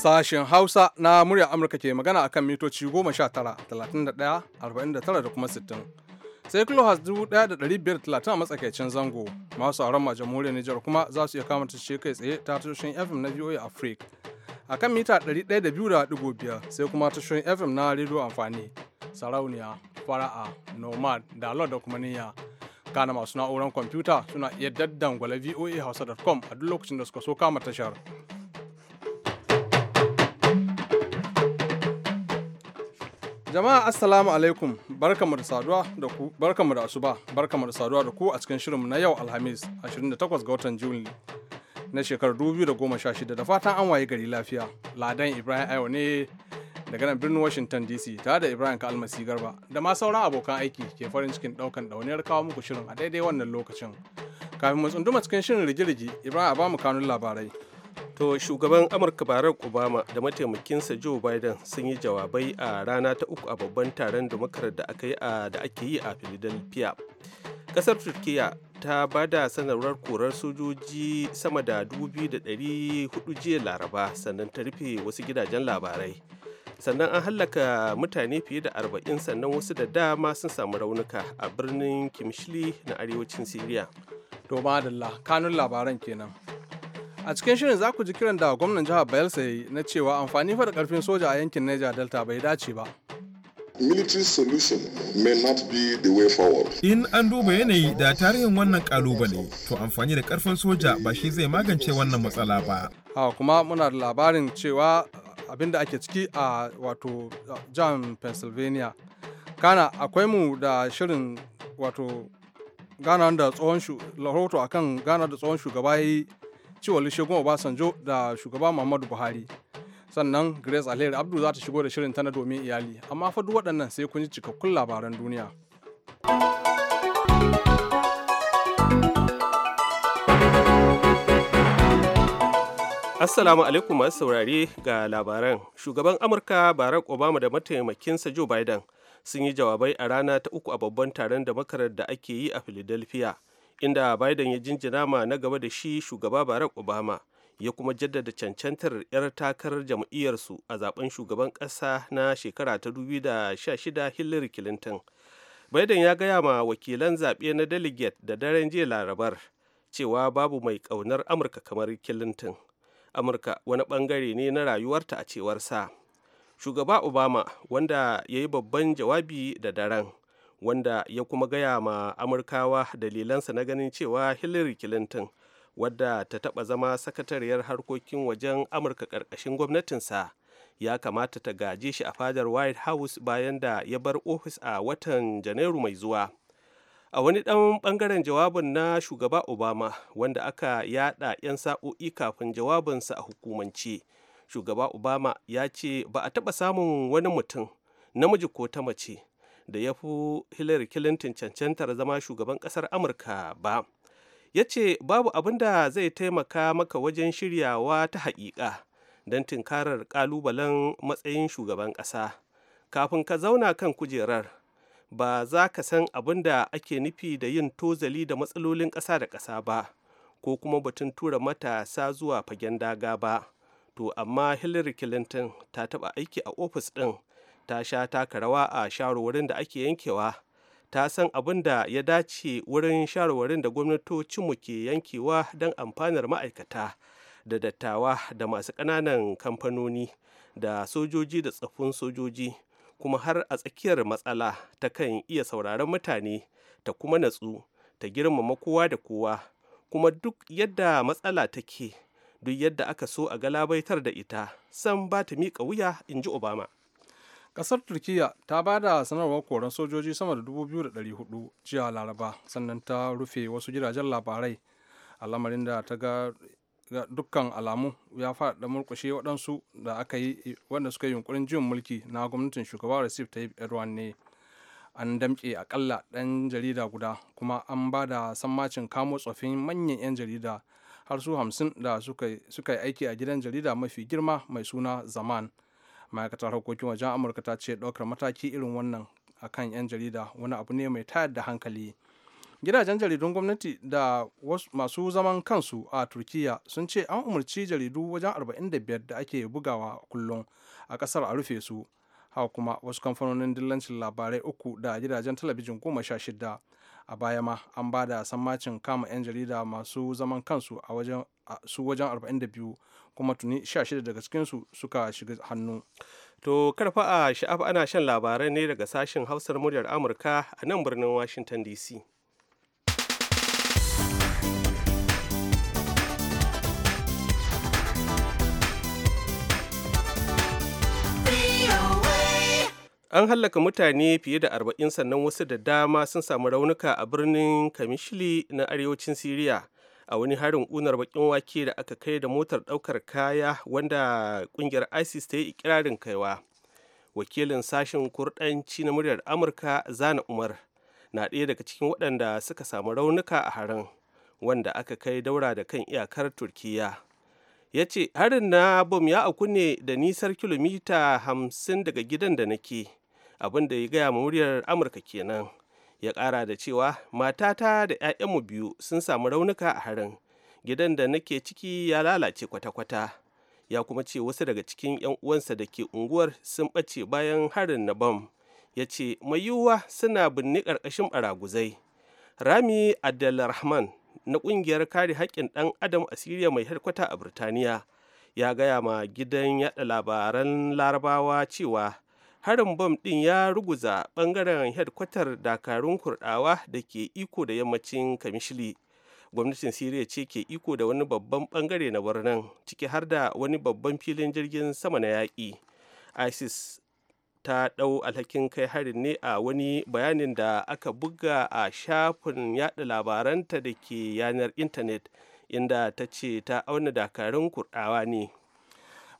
Sashen Hausa na murya Amurka ke magana akan mitoci 19, 31, 49 da kuma 60. Sai 1,530 a matsakaicin zango. Masu auren ma jamhuriyar Nijar kuma za su iya kama ce kai tsaye ta tashoshin FM na VOA Africa. A kan mita 102.5 sai kuma tashoshin FM na rediyo amfani. Sarauniya, Fara'a, Nomad, dalar da kuma Niyya. kana masu na'urar kwamfuta suna iya VOA Hausa.com a duk lokacin da suka so kama tashar. Jama'a Assalamu alaikum barkamu da saduwa da ku barkamu da asuba barkamu da saduwa da ku a cikin shirinmu na yau Alhamis 28 ga watan Juli na shekarar 2016 da fatan an waye gari lafiya. Ladan Ibrahim Ayo ne daga nan birnin Washington DC tare da Ibrahim ka Almasi Garba da ma sauran abokan aiki ke farin cikin daukan dauniyar kawo muku shirin a daidai wannan lokacin. Kafin mu tsunduma cikin shirin rigirigi Ibrahim a bamu kanun labarai. To shugaban Amurka Barack Obama da mataimakinsa Joe Biden sun yi jawabai a rana ta uku a babban taron Democrat da aka yi da ake yi a Philadelphia. Kasar turkiyya ta ba da sanarwar korar sojoji sama da 2,400 jiya Laraba sannan ta rufe wasu gidajen labarai. Sannan an hallaka mutane fiye da arba'in sannan wasu da dama sun samu raunuka a birnin Kimshli na arewacin Siriya. To kanun labaran kenan. a cikin shirin za ku ji kiran da gwamnan jihar bayelsa ya yi na cewa amfani fa da karfin soja a yankin niger delta bai dace ba military solution may not be the way forward. In an duba yanayi da tarihin wannan kalubale, to amfani da karfin soja ba shi zai magance wannan matsala ba. Ha kuma muna da labarin cewa uh, abinda ake ciki a wato jihar Pennsylvania. Kana akwai mu da shirin wato ghana da tsohon rahoto akan ghana da tsohon shugaba ya yi cewa Olusegun Obasanjo da shugaba Muhammadu Buhari. Sannan Grace Alheri Abdu za ta shigo da shirin ta na domin iyali, amma fa duk waɗannan sai kun ji cikakkun labaran duniya. Assalamu alaikum masu saurare ga labaran. Shugaban Amurka Barack Obama da mataimakinsa Joe Biden sun yi jawabai a rana ta uku a babban taron da makarar da ake yi a Philadelphia. inda biden ya jinjina na gaba da shi shugaba barack obama ya kuma jaddada cancantar 'yar takarar jam'iyyarsu a zaben shugaban ƙasa na shekara ta 2016 hillary clinton biden ya gaya ma wakilan zaɓe na delegate da daren jiya larabar cewa babu mai ƙaunar amurka kamar clinton amurka wani ɓangare ne na rayuwarta a cewar sa. shugaba obama wanda ya yi babban jawabi da daren wanda ya kuma gaya ma amurkawa dalilansa na ganin cewa hillary clinton wadda ta taɓa zama sakatariyar harkokin wajen amurka ƙarƙashin gwamnatinsa ya kamata ta gaje shi a fadar white house bayan da ya bar ofis a watan janairu mai zuwa a wani ɗan bangaren jawabin na shugaba obama wanda aka yada 'yan sa'o'i kafin jawabinsa a hukumance shugaba obama ya ce ba a taɓa samun wani mutum namiji ko ta mace da ya fi hillary clinton cancantar zama shugaban ƙasar amurka ba ya ce babu abin da zai taimaka maka wajen shiryawa ta haƙiƙa don tunkarar ƙalubalen matsayin shugaban ƙasa kafin ka zauna kan kujerar ba za ka san abin da ake nufi da yin tozali da matsalolin ƙasa da ƙasa ba ko kuma batun tura matasa zuwa fagen daga ba to amma hillary clinton ta taɓa aiki a ofis ɗin ta sha taka rawa a shawarwarin da ake yankewa ta san abin da ya dace wurin shawarwarin da gwamnatocinmu ke yankewa don amfanar ma'aikata da dattawa da masu ƙananan kamfanoni da sojoji da tsaffin sojoji kuma har a tsakiyar matsala ta kan iya sauraron mutane ta kuma natsu ta girmama kowa da kowa kuma duk yadda matsala take duk yadda aka so a galabaitar da ita san ba ta miƙa wuya in ji obama kasar turkiya ta ba da sanarwar koran sojoji sama da 2,400 jiya laraba sannan ta rufe wasu gidajen labarai al'amarin da ta ga dukkan alamu ya faɗa murkushe waɗansu da aka yi wanda suka yi yunkurin jin mulki na gwamnatin shugaba recep tayyip erdogan ne an damƙe akalla ɗan jarida guda kuma an ba da sammacin kamo tsofin manyan 'yan jarida har su hamsin da suka yi aiki a gidan jarida mafi girma mai suna zaman ma'aikatar harkokin wajen amurka ta ce ɗaukar mataki irin wannan a kan 'yan jarida wani abu ne mai tayar da hankali gidajen jaridun gwamnati da masu zaman kansu a turkiyya sun ce an umarci jaridu wajen 45 da ake bugawa kullum a kasar a rufe su haka kuma wasu kamfanonin dillancin labarai uku da gidajen talabijin goma sha shida a baya ma an ba da sammacin kama 'yan jarida masu zaman kansu a wajen su wajen 42 kuma tuni 16 daga cikinsu suka shiga hannu to karfa a sha'af ana shan labarai ne daga sashen hausar muryar amurka a nan birnin washington dc an hallaka mutane fiye da arba'in sannan wasu da dama sun samu raunuka a birnin kamishli na arewacin siriya a wani harin unar bakin wake da aka kai da motar daukar kaya wanda kungiyar isis ta yi ikirarin kaiwa wakilin sashen kurdanci na muryar amurka zana umar na ɗaya daga cikin waɗanda suka samu raunuka a harin wanda aka kai daura da kan iyakar turkiya ya ce harin na bom ya auku ne da nisar kilomita 50 daga gidan da nake abin da ya gaya muryar amurka kenan ya ƙara da cewa matata da 'ya'yanmu biyu sun samu raunuka a harin gidan da nake ciki ya lalace kwata-kwata ya kuma ce wasu daga cikin 'yan uwansa da ke unguwar sun ɓace bayan harin na bam ya ce mai yiwuwa suna binne ƙarƙashin ɓaraguzai rami abdulrahman na ƙungiyar kare haƙƙin ɗan adam a siriya mai harkwata a birtaniya ya gaya ma gidan yaɗa labaran larabawa cewa harin bom ɗin ya ruguza bangaren hedkwatar dakarun kurɗawa da ke iko da yammacin kamishili gwamnatin siriya ce ke iko da wani babban bangare na birnin ciki har da wani babban filin jirgin sama na yaƙi isis ta ɗau alhakin kai harin ne a wani bayanin da aka buga a shafin yaɗa labaranta da ke yanar intanet inda ta ce ta auna dakarun kurɗawa ne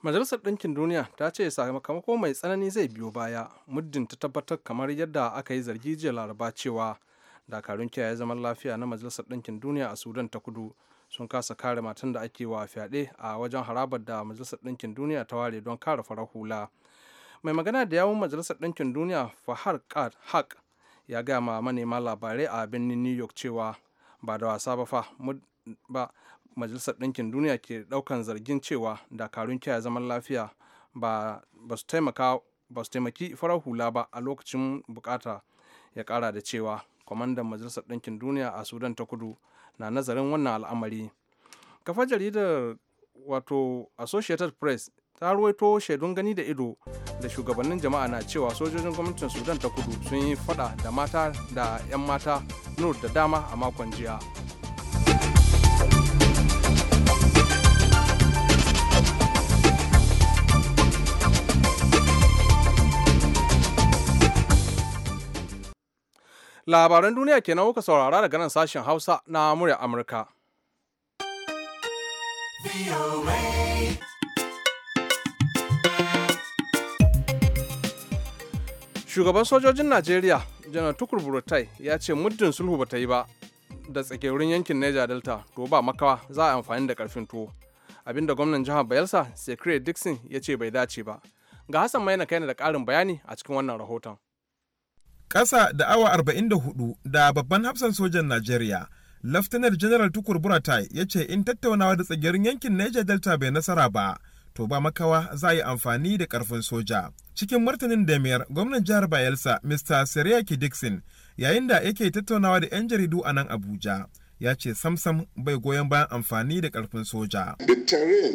majalisar ɗinkin duniya ta ce sakamako mai tsanani zai biyo baya muddin ta tabbatar kamar yadda aka yi zargi jiya laraba cewa dakarun kiyaye zaman lafiya na majalisar ɗinkin duniya a sudan ta kudu sun kasa kare matan da ake wa fyaɗe a wajen harabar da majalisar ɗinkin duniya ta ware don kare farar hula mai magana da yawun majalisar ɗinkin duniya fahar haq ya gaya ma manema labarai a birnin new york cewa ba da wasa ba fa ba majalisar ɗinkin duniya ke ɗaukan zargin cewa dakarun kiyaye zaman lafiya ba su taimaka ba su taimaki farar hula ba a lokacin bukata ya kara da cewa kwamandan majalisar ɗinkin duniya a sudan ta kudu na nazarin wannan al'amari kafa jaridar wato associated press ta ruwaito shaidun gani da ido da shugabannin jama'a na cewa sojojin gwamnatin sudan ta kudu sun yi fada da mata da 'yan mata nur da dama a makon jiya labaran duniya kenan kuka saurara daga nan sashen hausa na murya amurka shugaban sojojin najeriya janar tukur burutai ya ce muddin sulhu ba ta yi ba da tsakirin yankin niger delta to ba makawa za a amfani da karfin tuwo abinda gwamnan jihar bayelsa secret dixon ya ce bai dace ba ga hassan na kai da karin bayani a cikin wannan rahoton ƙasa da awa 44 da babban hafsan sojan Najeriya. Laftanar General Tukur Buratai ya ce in tattaunawa da tsagirin yankin Niger Delta bai nasara ba, to ba makawa za a yi amfani da ƙarfin soja. Cikin martanin Demiyar, gwamnan jihar Bayelsa, Mr. Siriyaki Dixon, yayin da yake tattaunawa da 'yan jaridu a nan Abuja, ya ce samsam bai goyon bayan amfani da ƙarfin soja. The terrain,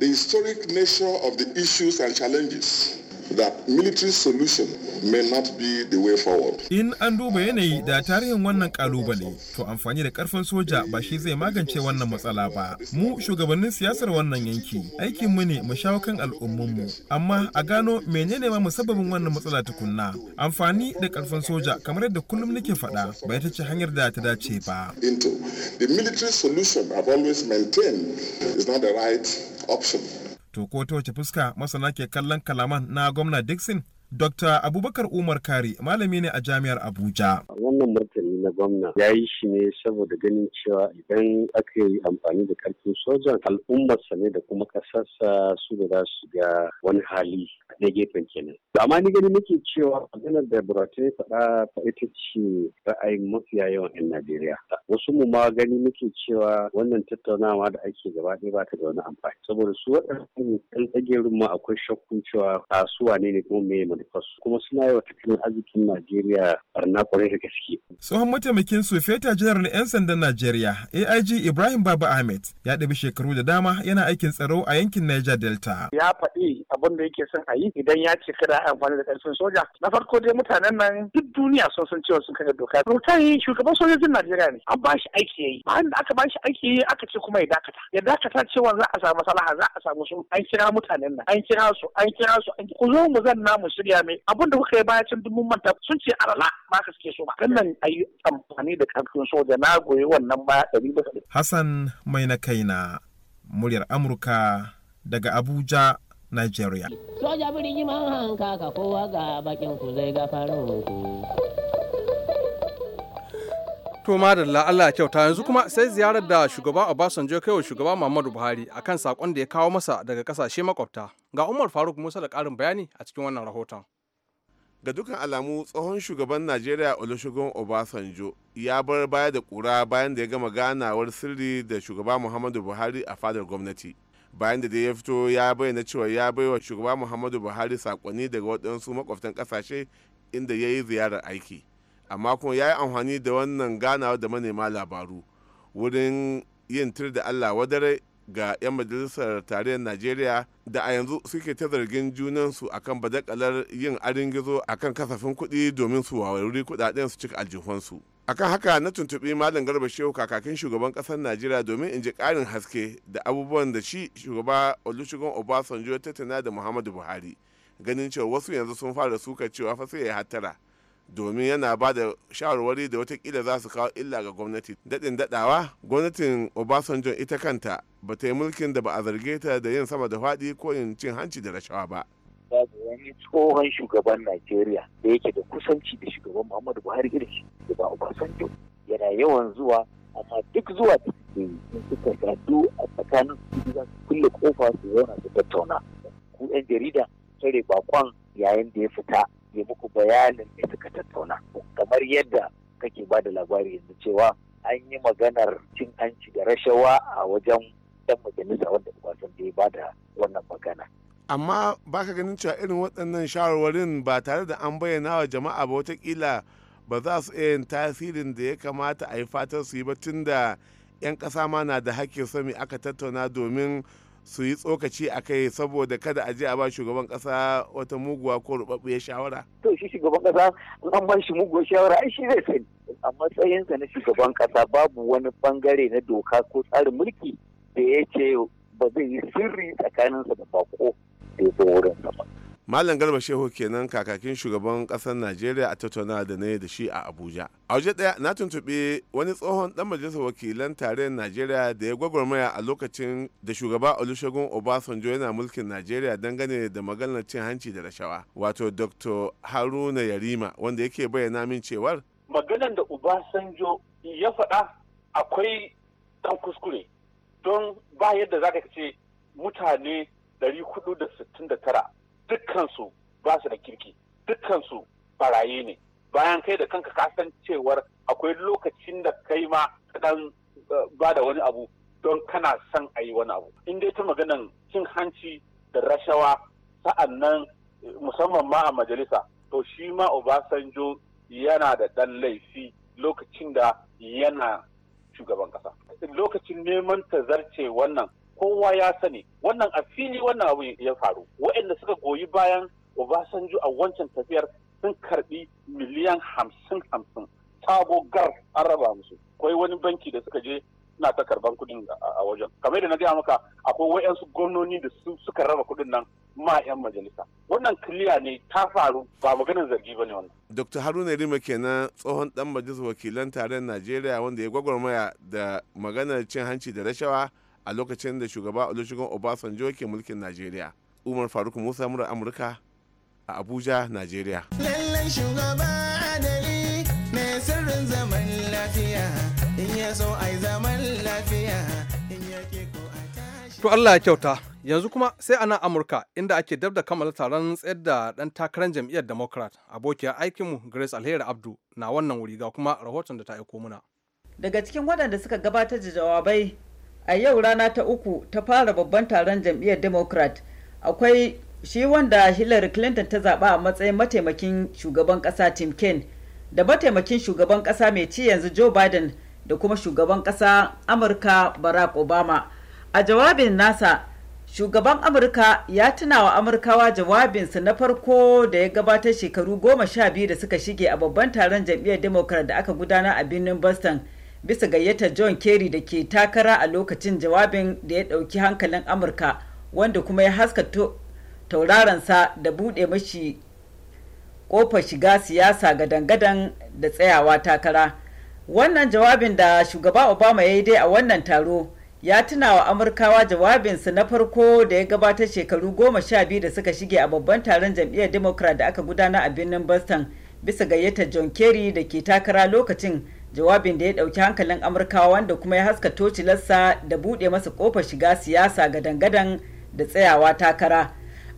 the historic nature of the issues and challenges that military solution may not be the way forward. In an duba yanayi da tarihin wannan kalubale, to amfani da karfin soja ba shi zai magance wannan matsala ba. Mu shugabannin siyasar wannan yanki, aikin mu ne mu shawo kan al'ummanmu, amma a gano menene ma musabbabin wannan matsala tukunna. Amfani da karfin soja kamar yadda kullum nake faɗa, ba ita ce hanyar da ta dace ba. Into the military solution I've always maintained is not the right option. To ko ta wace fuska masana ke kallon kalaman na gwamna Dixon? Dr. Abubakar Umar Kari malami ne a Jami'ar Abuja. Wannan martani na gwamna ya yi shi ne saboda ganin cewa idan aka yi amfani da karfin sojan al'ummarsa ne da kuma ƙasarsa su da za su ga wani hali na gefen kenan to amma ni gani nake cewa maganar da buratai faɗa ta ita ce ra'ayin mafiya yawan 'yan najeriya wasu mu ma gani muke cewa wannan tattaunawa da ake gaba ɗaya ba ta da wani amfani saboda su waɗannan ɗan tsagerin ma akwai shakkun cewa kasuwa ne ne kuma me manufarsu kuma suna yi wa tattalin arzikin najeriya barna kwarai da gaske. tsohon mataimakin su feta janar na 'yan sandan najeriya aig ibrahim baba ahmed ya ɗabi shekaru da dama yana aikin tsaro a yankin niger delta. ya faɗi abin da yake son a yi idan ya ce kada a amfani da karfin soja na farko dai mutanen nan duk duniya sun san cewa sun kaga doka yi shugaban sojojin najeriya ne an bashi aiki yayi bayan da aka ba shi aiki yayi aka ce kuma ya dakata ya dakata cewa za a samu salaha za a samu su an kira mutanen nan an kira su an kira su an ku zo mu zan mu shirya mai abin da kuka yi baya cin dubun manta sun ce alala ba ka suke so ba wannan ayi amfani da karfin soja na goyi wannan ba ɗari bisa Hassan mai na kaina muryar Amurka daga Abuja Nigeria. Soja birgin man hanka kowa ga bakin ku zai To madalla Allah kyauta yanzu kuma sai ziyarar da shugaba Obasanjo kai wa shugaba Muhammadu Buhari akan sakon da ya kawo masa daga kasashe makwabta. Ga Umar Faruk Musa da karin bayani a cikin wannan rahoton. Ga dukan alamu tsohon shugaban Najeriya Olusegun Obasanjo ya bar baya da kura bayan da ya gama ganawar sirri da shugaba Muhammadu Buhari a fadar gwamnati. bayan da dai ya fito ya bayyana cewa ya baiwa shugaba muhammadu buhari sakonni daga waɗansu makwabtan ƙasashe inda ya yi ziyarar aiki amma kuma ya yi amfani da wannan ganawa da manema labaru wurin yin tir da allah wadare ga 'yan majalisar tarayyar najeriya da a yanzu suke ta zargin junansu akan badakalar yin arin gizo akan kasafin kuɗi domin su wawari kuɗaɗen su cika aljihunsu akan haka na tuntuɓi malam garba shehu kakakin shugaban ƙasar najeriya domin in ji ƙarin haske da abubuwan da shi shugaba olusegun obasanjo ya tattauna da muhammadu buhari ganin cewa wasu yanzu sun fara suka cewa fa sai ya hattara domin yana ba da shawarwari da watakila za su kawo illa ga gwamnati daɗin daɗawa gwamnatin obasanjo ita kanta ba ta yi mulkin da ba a zarge ta da yin sama da faɗi ko yin cin hanci da rashawa ba babu wani tsohon shugaban Najeriya da yake da kusanci da shugaban Muhammadu Buhari irin shugaban Obasanjo yana yawan zuwa amma duk zuwa da suke yi sun suka gado a tsakanin su za su kulle kofa su zauna su tattauna ku yan jarida tare bakon yayin da ya fita ya muku bayanin da suka tattauna kamar yadda kake ba da labari yanzu cewa an yi maganar cin hanci da rashawa a wajen dan majalisa wanda Obasanjo ya ba da wannan magana amma ba ka ganin cewa irin waɗannan shawarwarin ba tare da an bayyana wa jama'a ba watakila ba za su iya yin tasirin da ya kamata a yi fatar su yi ba tun da 'yan ƙasa ma na da hakkin sami aka tattauna domin su yi tsokaci a kai saboda kada a je a ba shugaban ƙasa wata muguwa ko rubabbiyar shawara? To shi shugaban ƙasa an ba shi muguwar shawara ai shi zai sani. A matsayinsa na shugaban ƙasa babu wani bangare na doka ko tsarin mulki da ya ce ba zai yi sirri tsakaninsa da bako da ya zo Malam Garba Shehu kenan kakakin shugaban ƙasar Najeriya a tattauna da na da shi a Abuja. A waje ɗaya na tuntuɓi wani tsohon ɗan majalisar wakilan tarayyar Najeriya da ya gwagwarmaya a lokacin da shugaba Olusegun Obasanjo yana mulkin Najeriya dangane da maganar cin hanci da rashawa. Wato Dr. Haruna Yarima wanda yake bayyana min cewar. Maganar da Obasanjo ya faɗa akwai ɗan kuskure. don ba yadda za ka ce mutane 469 dukkansu ba su da kirki dukkansu baraye ne bayan kai da kanka kasan cewar akwai lokacin da kai ma kaɗan eh, ba da wani abu don kana son a yi wani abu in dai ta maganan cin hanci da rashawa sa'an nan eh, musamman ma a majalisa to shi ma obasanjo yana da ɗan laifi lokacin da yana shugaban kasa lokacin neman ta zarce wannan kowa ya sani wannan a fili wannan abu ya faru waɗanda suka goyi bayan obasanjo a wancan tafiyar sun karbi miliyan hamsin hamsin sabo gar an raba musu akwai wani banki da suka je suna ta karban kuɗin a wajen kamar da na gaya maka akwai wayansu gwamnoni da suka raba kuɗin nan ma 'yan majalisa wannan kiliya ne ta faru ba maganin zargi ba ne wannan dr haruna rima kenan tsohon dan majalisar wakilan taron najeriya wanda ya gwagwarmaya da maganar cin hanci da rashawa a lokacin da shugaba olusegun obasanjo ke mulkin najeriya umar faruk musa mura amurka a abuja najeriya lallai shugaba adali mai sirrin zaman lafiya in ya so To Allah ya kyauta, yanzu kuma sai a Amurka inda ake dab da kammala taron tsayar da ɗan takarar jam'iyyar Democrat, abokiyar aikinmu Grace Alheri Abdu na wannan wuri ga kuma rahoton da ta aiko muna. Daga cikin wadanda suka gabatar da jawabai a yau rana ta uku ta fara babban taron jam'iyyar Democrat akwai shi wanda Hillary Clinton ta zaɓa a matsayin mataimakin shugaban kasa Tim Kaine da mataimakin shugaban ƙasa mai ci yanzu Joe Biden da kuma shugaban ƙasa Amurka Barack Obama. a jawabin nasa shugaban amurka ya tuna wa amurkawa jawabinsa na farko da ya gabatar shekaru goma sha biyu da suka shige a babban taron jam'iyyar democrat da aka gudana a birnin boston bisa gayyata john kerry da ke takara a lokacin jawabin da ya ɗauki hankalin amurka wanda kuma ya haska tauraransa da buɗe mashi kofar shiga siyasa ga dangadan da tsayawa takara wannan jawabin da shugaba obama ya yi dai a wannan taro ya tuna wa amurkawa jawabinsa na farko da ya gabatar shekaru goma sha biyu da suka shige a babban taron jam'iyyar democrat da aka gudana a birnin boston bisa gayyatar john kerry da ke takara lokacin jawabin da ya ɗauki hankalin amurkawa wanda kuma ya haska tocilarsa da buɗe masa kofar shiga siyasa ga dangadan da tsayawa takara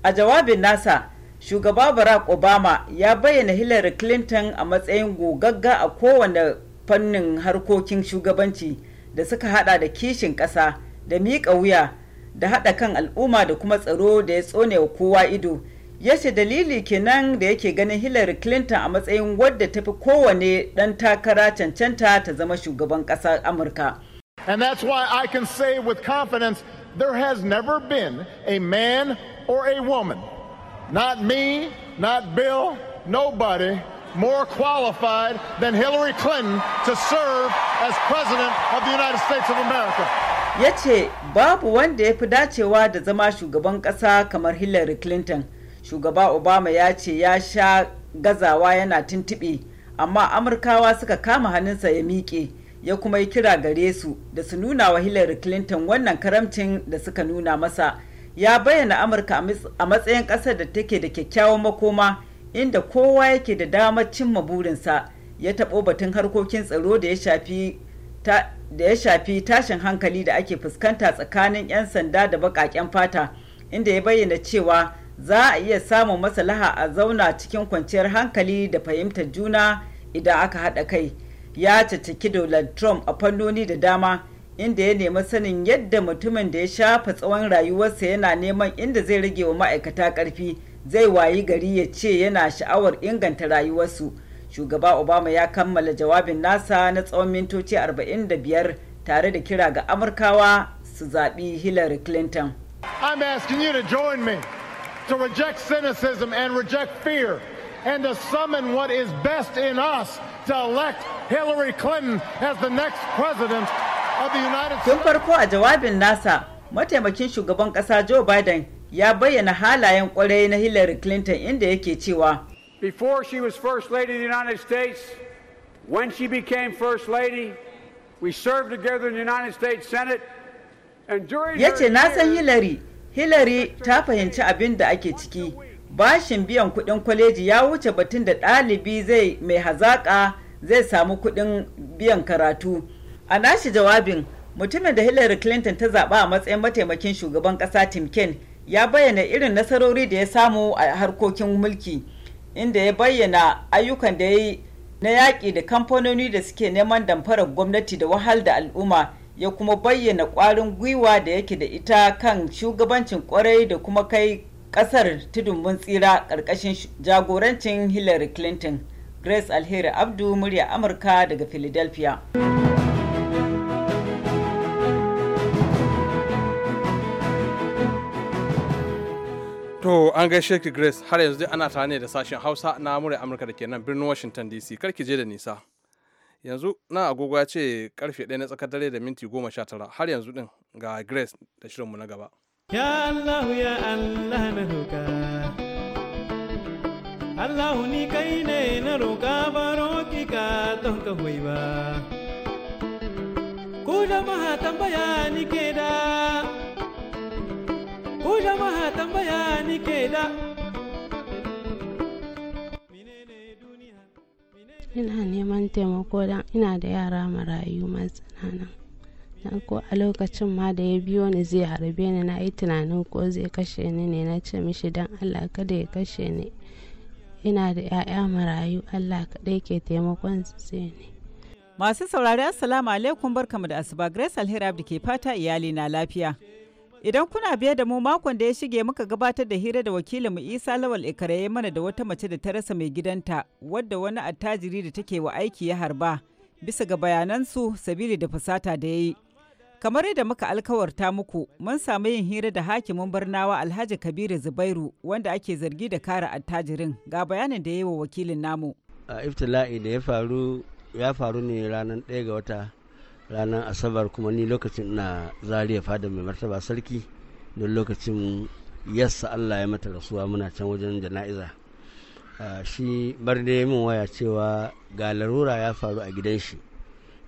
a jawabin nasa shugaba barack obama ya bayyana hillary clinton a matsayin gogagga a kowane fannin harkokin shugabanci. da suka hada da kishin ƙasa da miƙa wuya da haɗa kan al'umma da kuma tsaro da ya tsone wa kowa ido ya ce dalili kenan da yake ganin hillary clinton a matsayin wadda tafi kowane ɗan takara cancanta ta zama shugaban ƙasar amurka and that's why i can say with confidence there has never been a man or a woman not me not bill nobody more qualified than Hillary Clinton to serve as President of the United States of America. Ya ce babu wanda ya fi dacewa da zama shugaban ƙasa kamar Hillary Clinton. Shugaba Obama ya ce ya sha gazawa yana tuntuɓe, amma Amurkawa suka kama hannunsa ya miƙe, ya kuma yi kira gare su da su nuna wa Hillary Clinton wannan karamcin da suka nuna masa. Ya bayyana Amurka a matsayin ƙasar da take da kyakkyawan makoma. inda kowa yake da damar cimma burinsa ya taɓo batun harkokin tsaro da ya shafi tashin hankali da ake fuskanta tsakanin 'yan sanda da baƙaƙen fata inda ya bayyana cewa za a iya samun maslaha a zauna cikin kwanciyar hankali da fahimtar juna idan aka haɗa kai ya caceki donald trump a fannoni da dama inda ya nemi sanin yadda mutumin da ya shafa tsawon rayuwarsa yana neman inda zai rage wa ma'aikata ƙarfi zai wayi gari ya ce yana sha'awar inganta rayuwarsu shugaba obama ya kammala jawabin nasa na tsawon mintoci 45 tare da kira ga amurkawa su zaɓi hillary clinton i'm asking you to join me to reject cynicism and reject fear and to summon what is best in us to elect hillary clinton as the next president of the united states tun farko a jawabin nasa mataimakin shugaban ƙasa joe biden ya bayyana halayen kwarai na Hillary Clinton inda yake cewa Before she was First Lady of the United States, when she became First Lady, we served together in the United States Senate. Ya ce, Na san Hillary, Hillary ta fahimci abin da ake ciki. Bashin biyan kuɗin kwaleji ya wuce batun da ɗalibi zai mai hazaƙa zai samu kuɗin biyan karatu. A nashi jawabin, mutumin da Hillary Clinton ta zaɓa a matsayin mataimakin shugaban ƙasa Tim Kaine ya bayyana irin nasarori da ya samu a harkokin mulki inda ya bayyana ayyukan da ya yi na yaƙi da kamfanoni da suke neman damfarar gwamnati da wahal da al'umma ya kuma bayyana ƙwarin gwiwa da yake da ita kan shugabancin kwarai da kuma kai ƙasar tudun mun tsira ƙarƙashin jagorancin hillary clinton grace alheri abdu murya amurka daga philadelphia To an gaishe ki Grace har yanzu dai ana tare da sashen Hausa na murya Amurka da ke nan birnin Washington DC kar ki je da nisa. Yanzu na agogo ya ce karfe ɗaya na tsakar dare da minti goma sha tara har yanzu din ga Grace da shirinmu na gaba. Ya Allah ya Allah na roka Allah ni kai ne na roka baro ki ka don ka hoyi ba. Ku jama'a tambaya ni ke da jama'a tambaya ina neman taimako don ina da yara marayu matsanana don ko a lokacin ma da ya biyo ni zai harbe ni na yi tunanin ko zai kashe ni ne na ce mishi don allah kada ya kashe ni ina da 'ya'ya marayu allah kaɗai ke taimakon su ne masu saurari assalamu alaikum barkamu da asuba grace alheri abdi ke fata iyali na lafiya Idan kuna biye da mu makon da ya shige muka gabatar da hira da wakilinmu Isa Lawal ya mana da wata mace da ta rasa mai gidanta wadda wani attajiri da take wa aiki ya harba bisa ga bayanansu sabili da fasata da ya yi. Kamar yadda muka alkawarta muku mun samu yin hira da hakimin barnawa Alhaji Kabiru Zubairu wanda ake zargi da kare attajirin ga bayanin da ya yi wa wakilin namu. A iftila'i da ya faru ya faru ne ranar 1 ga wata ranar asabar kuma ni lokacin na zariya fada mai martaba sarki don lokacin yassa allah ya mata rasuwa muna can wajen jana'iza shi bar da ya min waya cewa ga larura ya faru a gidan shi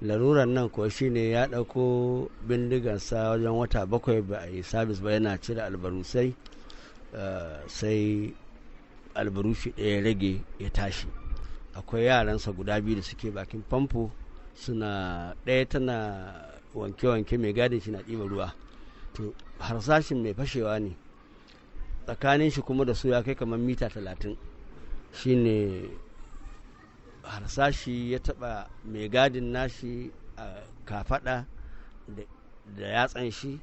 laruran nan kuwa ne ya ɗauko bindigansa wajen wata bakwai ba a yi sabis ba yana cire albarusai sai albarushi ɗaya rage ya tashi akwai yaransa guda biyu da suke bakin famfo suna ɗaya tana wanke-wanke mai gadin shi na ɗiba ruwa to harsashin mai fashewa ne tsakanin shi kuma da su ya kai kamar mita talatin shine harsashi ya taɓa mai gadin nashi a kafaɗa da yatsan shi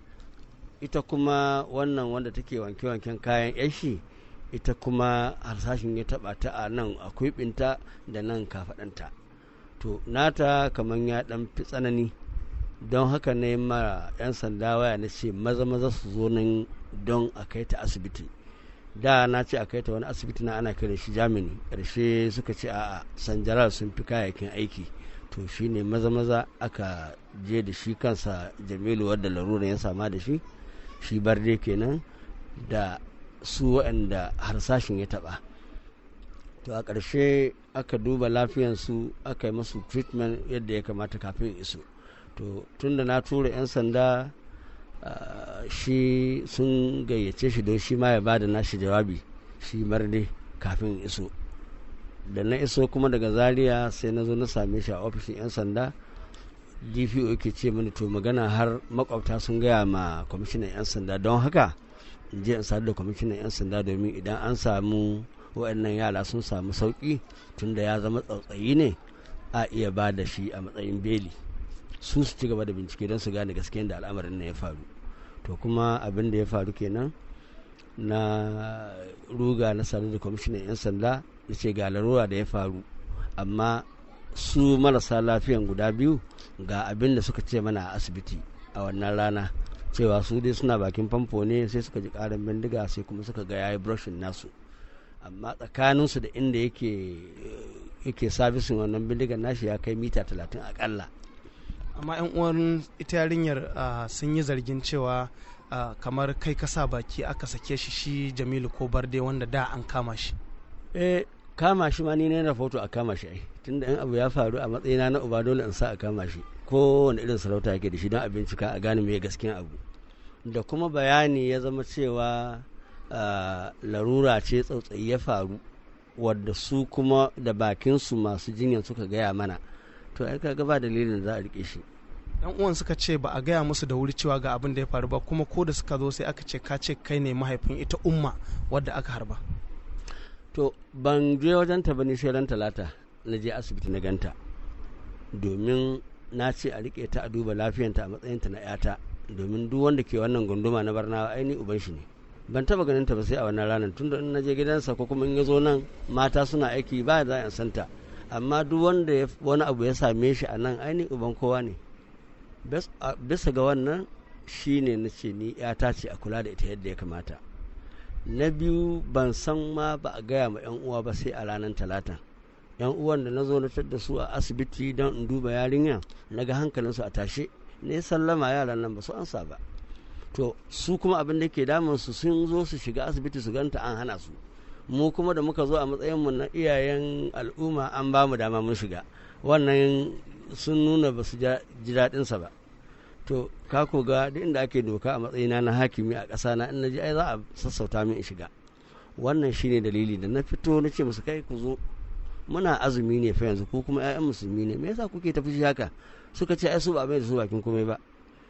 ita kuma wannan wanda take wanke-wanken kayan yashi ita kuma harsashin ya taɓa ta a nan a kuɓinta da nan kafaɗanta to nata kamar ya dan fi tsanani don haka ne ma 'yan sanda waya na ce maza maza su zo nan don a kai ta asibiti da na ce a kai ta wani asibiti na ana kai shi jamini karshe suka ce a'a jaral sun fi kayayyakin aiki to shi ne maza maza aka je da shi kansa jamilu wadda larura ya sama da shi shi barde kenan da su waɗanda harsashin ya taɓa to a ƙarshe aka duba lafiyansu aka yi musu treatment yadda ya kamata kafin iso to tun da na tura 'yan sanda shi sun gayyace shi don shi ma ya ba da nashi jawabi shi marde kafin iso da na iso kuma daga zaria sai na zo na same shi a ofishin 'yan sanda dpo ke ce mini to magana har makwabta sun gaya ma kwamishinan 'yan sanda don haka in je in sadu da kwamishinan 'yan sanda domin idan an samu waɗannan yara sun samu sauƙi da ya zama tsautsayi ne a iya ba da shi a matsayin beli sun su ci gaba da bincike don su gane gaske da al'amarin nan ya faru to kuma abin da ya faru kenan na ruga na sanar da kwamishinan 'yan sanda ya ce ga larura da ya faru amma su marasa lafiyan guda biyu ga abin da suka ce mana a asibiti a wannan rana cewa su dai suna bakin famfo ne sai suka ji karin bindiga sai kuma suka ga yayi brushin nasu amma tsakaninsu da inda yake yake sabisin wannan bindigar nashi ya kai mita talatin akalla amma yan uwan ita yarinyar sun yi zargin cewa kamar kai kasa baki aka sake shi shi jamilu ko barde wanda da an kama shi eh kama shi ma ni ne rahoto a kama shi ai tunda in abu ya faru a matsayina na uba dole in sa a kama shi kowane irin sarauta yake da shi don a bincika a gane mai gaskiyan abu da kuma bayani ya zama cewa larura ce tsautsayi ya faru wadda su kuma da bakinsu masu jinyar suka gaya mana to ai kaga ba dalilin za a rike shi dan uwan suka ce ba a gaya musu da wuri cewa ga abin da ya faru ba kuma ko da suka zo sai aka ce ka ce kai ne mahaifin ita umma wadda aka harba to ban je wajen ta bane sai ran talata na je asibiti na ganta domin na ce a rike ta a duba lafiyanta a matsayinta na 'yata domin duk wanda ke wannan gunduma na barnawa aini uban shi ne ban taba ganin ta ba sai a wannan ranar tunda in naje gidansa ko kuma in ya zo nan mata suna aiki ba da in santa amma duk wanda wani abu ya same shi a nan ainihin uban kowa ne bisa ga wannan shi ne na ce ni yata ce a kula da ita yadda ya kamata na biyu ban san ma ba a gaya ma yan uwa ba sai a ranar talata yan uwan da na zo na da su a asibiti don in duba yarinya na ga hankalinsu a tashe ne sallama yaran nan ba su ansa ba to su kuma abin da ke damun su sun zo su shiga asibiti su ganta an hana su mu kuma da muka zo a matsayin mu na iyayen al'umma an ba mu dama mun shiga wannan sun nuna ba su ji daɗinsa ba to ka ko ga duk inda ake doka a matsayina na hakimi a ƙasa na in naji ai za a sassauta min in shiga wannan shine dalili da na fito na ce musu kai ku zo muna azumi ne fa yanzu ko kuma 'ya'yan musulmi ne me yasa kuke tafi shi haka suka ce ai su ba mai su bakin komai ba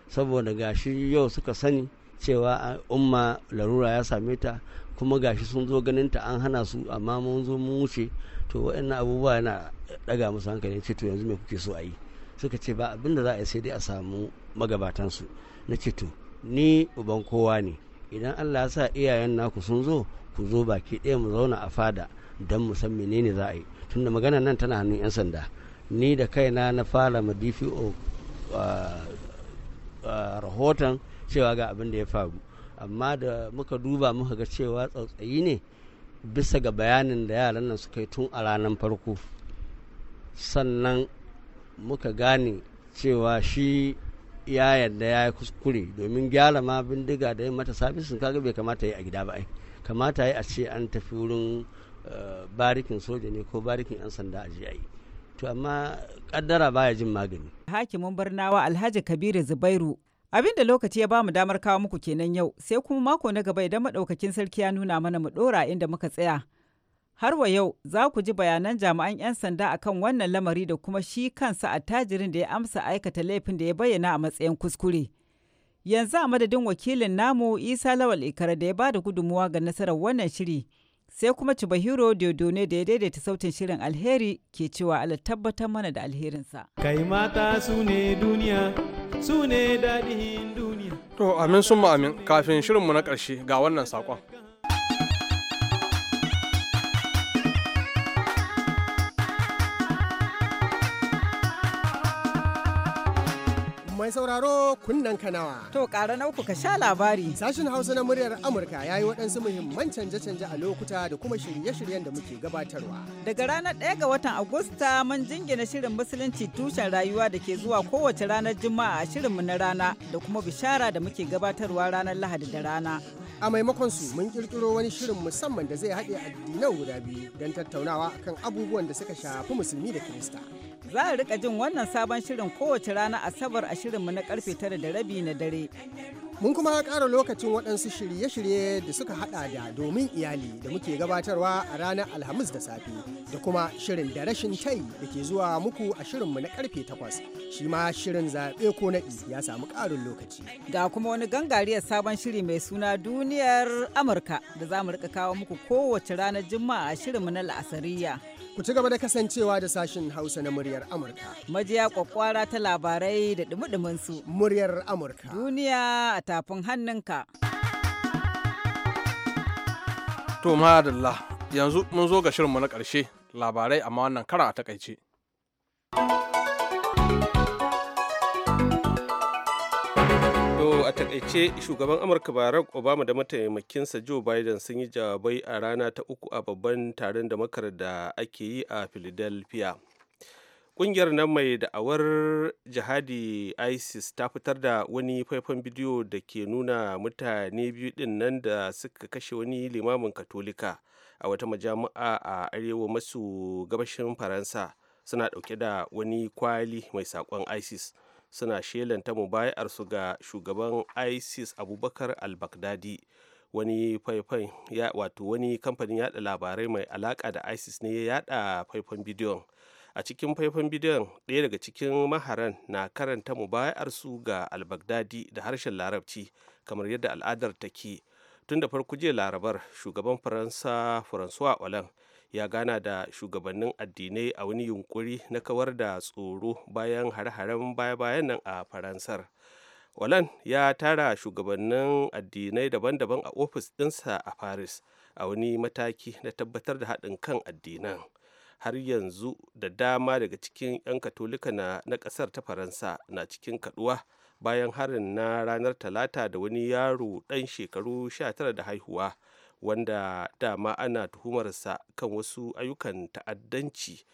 saboda gashi yau suka sani cewa umma larura ya same ta kuma gashi sun zo ganin ta an hana su amma mun zo mun wuce to waɗannan abubuwa yana daga musu hankali ce to yanzu me kuke so a yi suka ce ba abinda za a yi sai dai a samu magabatan su na ce to ni uban kowa ne idan Allah ya sa iyayen naku sun zo ku zo baki ɗaya mu zauna a fada don mu san menene za a yi tunda magana nan tana hannun 'yan sanda ni da kaina na fara ma o. Ah, Eh, rahoton cewa ga abin da ya faru amma da muka duba muka ga cewa tsautsayi ne bisa ga bayanin da yaran nan suka yi tun a ranar farko sannan muka gane cewa shi ya yadda ya yi kuskure domin gyara ma bindiga da yin mata sabisin kaga bai kamata yi a gida ba ai kamata yi a ce an tafi wurin eh, barikin soja ne ko barikin 'yan sanda a yi to amma kaddara baya jin magani hakimin barnawa alhaji kabiru zubairu abin da lokaci ya bamu damar kawo muku kenan yau sai kuma mako na gaba idan maɗaukakin sarki ya nuna mana mu dora inda muka tsaya har wa yau za ku ji bayanan jami'an 'yan sanda akan wannan lamari da kuma shi kansa attajirin da ya amsa aikata laifin da ya bayyana a matsayin kuskure yanzu a madadin wakilin namu isa lawal ikara da ya bada gudummawa ga nasarar wannan shiri sai kuma dodo ne da ya daidaita sautin shirin alheri ke cewa Allah tabbatar mana da alherinsa. Kai mata su ne duniya, su ne daɗin duniya. To amin sun amin kafin shirinmu na ƙarshe ga wannan saƙon. mai sauraro kunnen kanawa. To ƙara na uku ka sha labari. Sashen Hausa na muryar Amurka ya yi waɗansu muhimman canje-canje a lokuta da kuma shirye-shiryen da muke gabatarwa. Daga ranar 1 ga watan Agusta mun jingina shirin musulunci tushen rayuwa da ke zuwa kowace ranar Juma'a a shirinmu na rana da kuma bishara da muke gabatarwa ranar Lahadi da rana. a maimakon su mun kirkiro wani shirin musamman da zai haɗe addinan guda biyu don tattaunawa kan abubuwan da suka shafi musulmi da kirista Za a rika jin wannan sabon shirin kowace rana Asabar a shirinmu na karfe tara da rabi na dare. Mun kuma ƙara lokacin waɗansu shirye-shirye da suka haɗa da domin iyali da muke gabatarwa a ranar Alhamis da safe da kuma shirin da rashin tai da ke zuwa muku a shirinmu na karfe takwas. Shi ma shirin zaɓe ko naɗi ya samu ƙarin lokaci. Ga kuma wani gangariyar sabon shiri mai suna duniyar Amurka da za mu rika kawo muku kowace ranar Juma'a a shirinmu na La'asariya. Ku ci gaba da kasancewa da sashin Hausa na muryar Amurka. Majiya kwakwara ta labarai da dumi su. Muryar Amurka. Duniya a tafin hannunka. To madalla yanzu mun zo ga shirinmu na ƙarshe labarai amma wannan kara a takaice. a takaice shugaban Amurka Barack Obama da mataimakinsa Joe Biden sun yi jawabai a rana ta uku a babban taron da makar da ake yi a Philadelphia. Kungiyar nan mai da'awar jihadi ISIS ta fitar da wani faifan bidiyo da ke nuna mutane biyu din nan da suka kashe wani limamin katolika a wata majami'a a arewa maso gabashin Faransa suna dauke da wani kwali mai sakon ISIS. suna shelanta su ga shugaban isis abubakar al-baghdadi wani faifan ya wato wani kamfanin yada labarai mai alaka da isis ne ya yada faifan bidiyon a cikin faifan bidiyon ɗaya daga cikin maharan na karanta su ga al-baghdadi da harshen larabci kamar yadda al'adar take tun da farko jiya larabar shugaban faransa francois hollande ya gana da shugabannin addinai a wani yunkuri na kawar da tsoro bayan hare-haren baya-bayan nan a faransar walan ya tara shugabannin addinai daban-daban a ofis ɗinsa a paris a wani mataki na tabbatar da haɗin kan addinan har yanzu da dama daga cikin 'yan katolika na ƙasar ta faransa na cikin kaduwa bayan harin na ranar talata da wani yaro ɗan shekaru 19 da haihuwa wanda dama ana tuhumarsa kan wasu ayyukan ta'addanci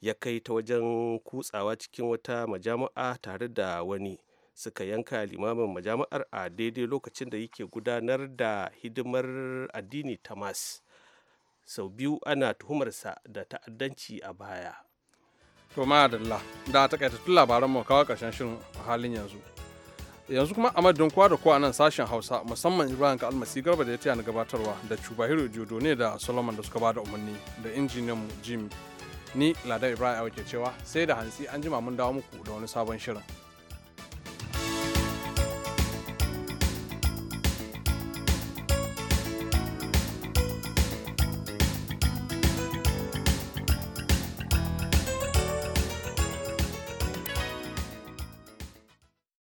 ya kai ta wajen kutsawa cikin wata majami'a tare da wani suka yanka limamin majami'ar a daidai lokacin da yake gudanar da hidimar addini ta mas sau biyu ana tuhumarsa da ta'addanci a baya to ma da takaitattun labaran mu kawo karshen shirin a halin yanzu yanzu kuma a madadin kwa da kowa nan sashen hausa musamman ibrahim ka almasi garba da ya taya na gabatarwa da cubahiru jodo ne da solomon da suka bada umarni da injiniyan jim ni ladar ibrahim ke cewa sai da hantsi an jima mun dawo muku da wani sabon shirin